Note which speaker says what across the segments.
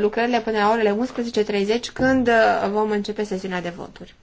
Speaker 1: lucrările până la orele 11.30 când uh, vom începe sesiunea de voturi.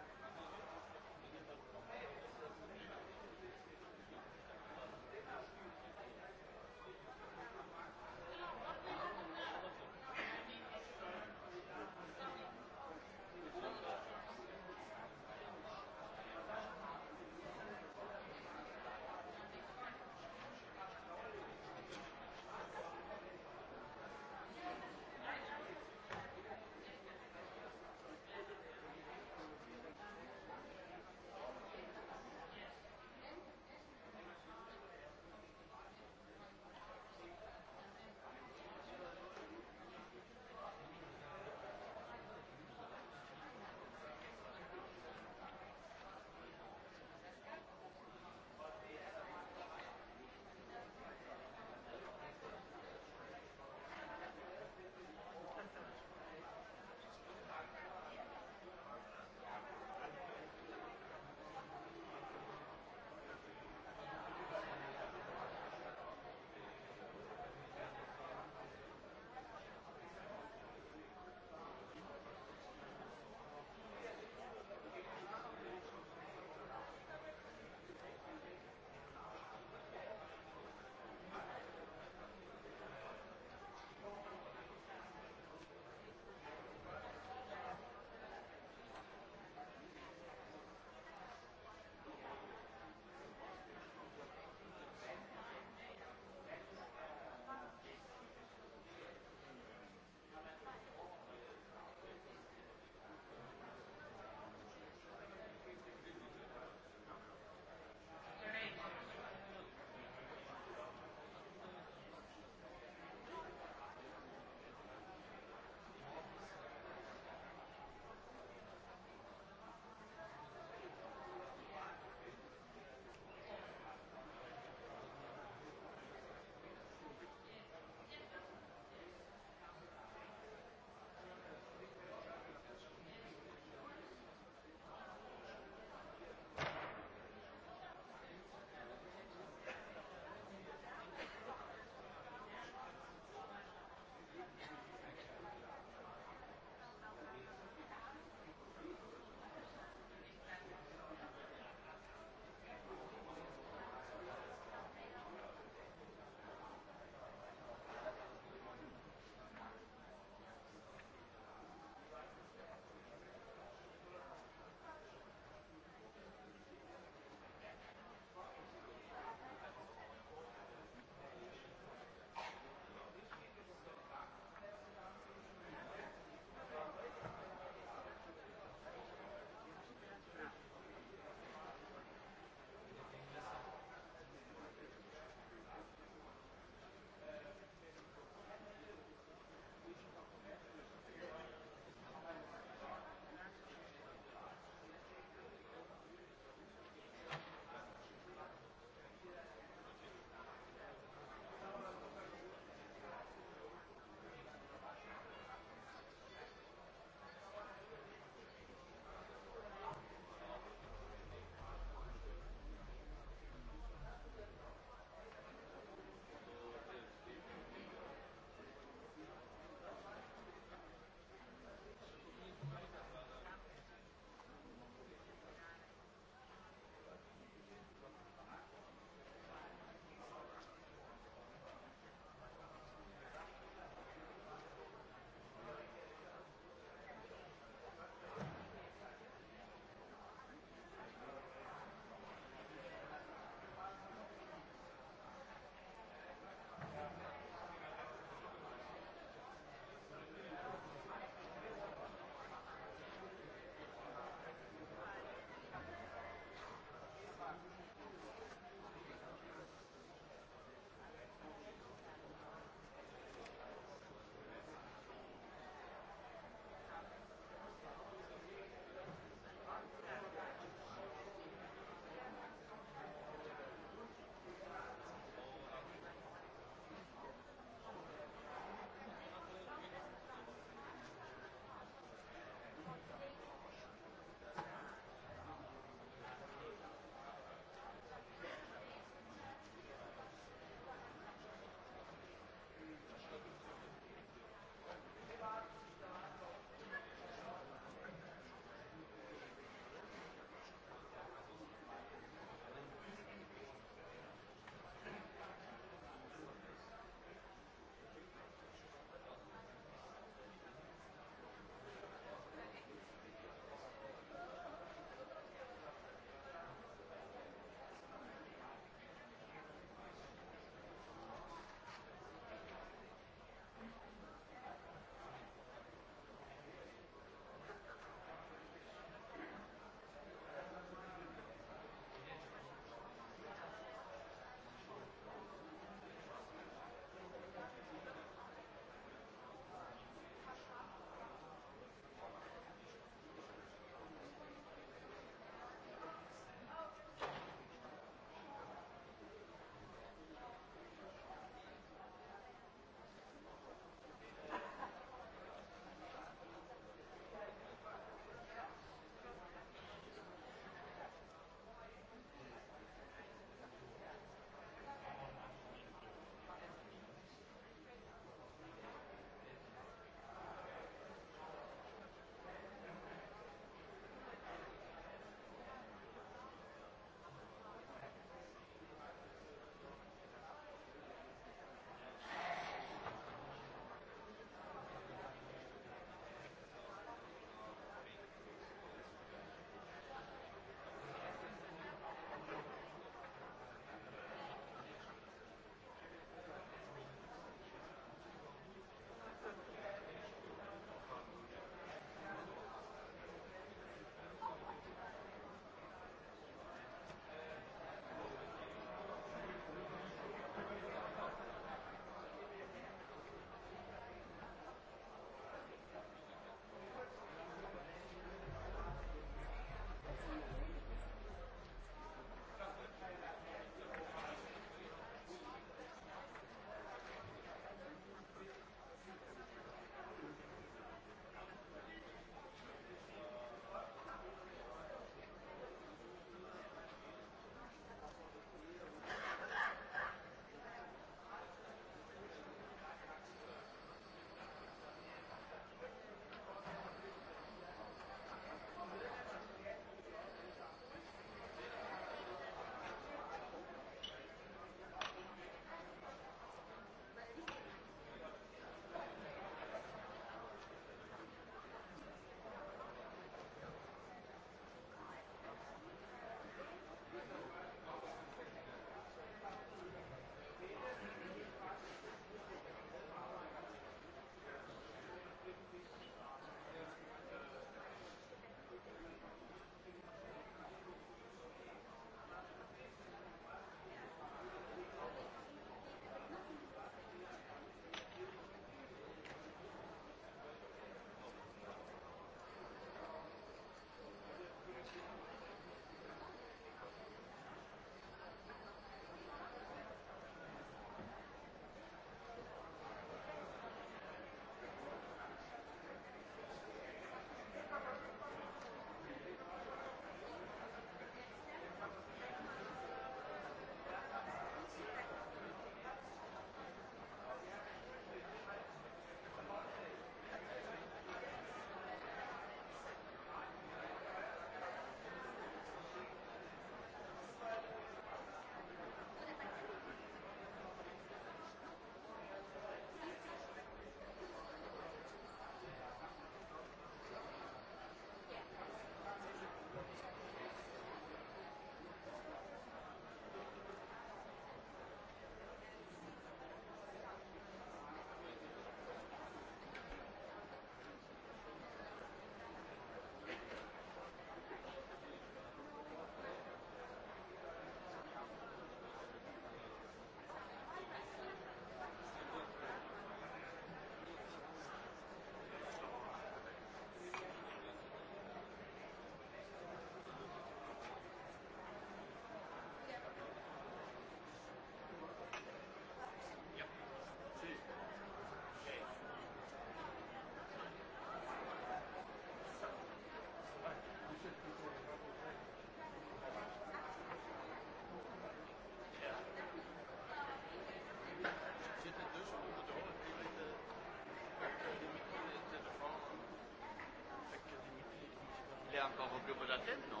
Speaker 1: le am ancora pe per la nu?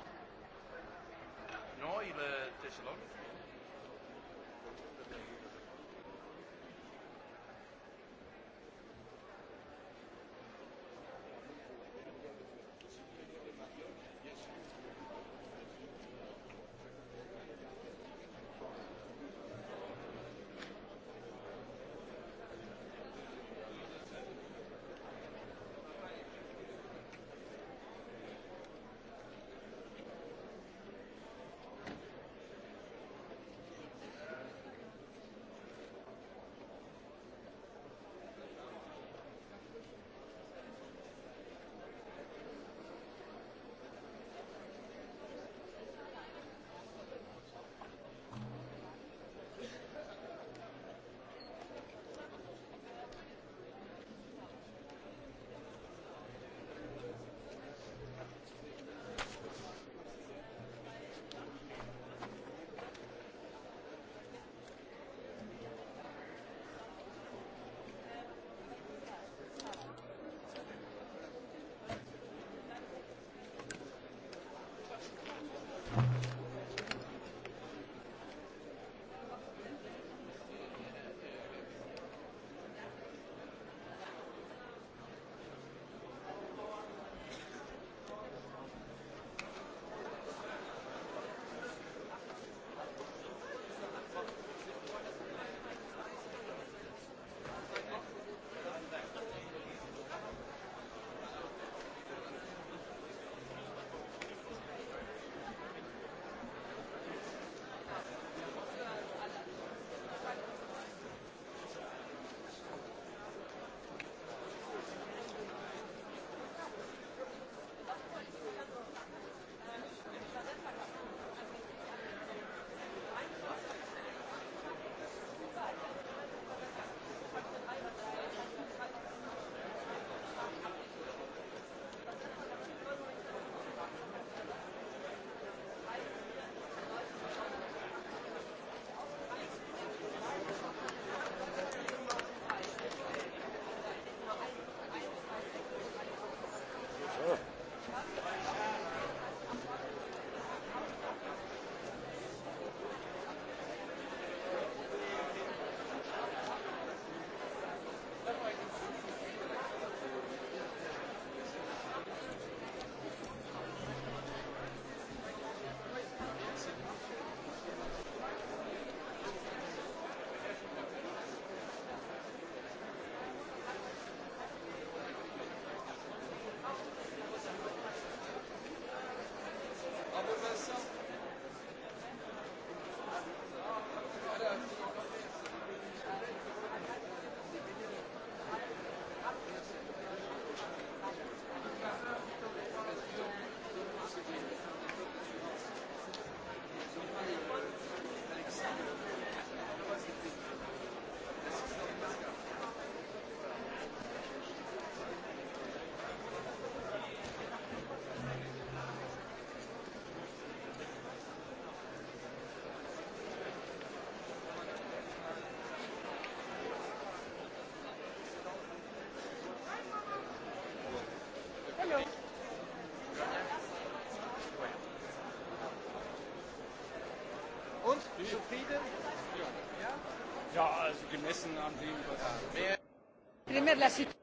Speaker 1: Noi le Thessaloniki Zufrieden? la situație.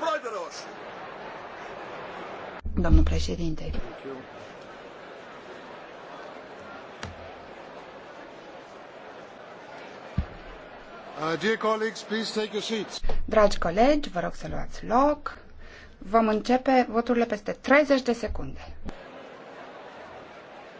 Speaker 1: Πρόεδρος. Domnul președinte. Uh, dear colleagues, please take your seats. Dragi colegi, vă rog să luați loc. Vom începe voturile peste 30 de secunde.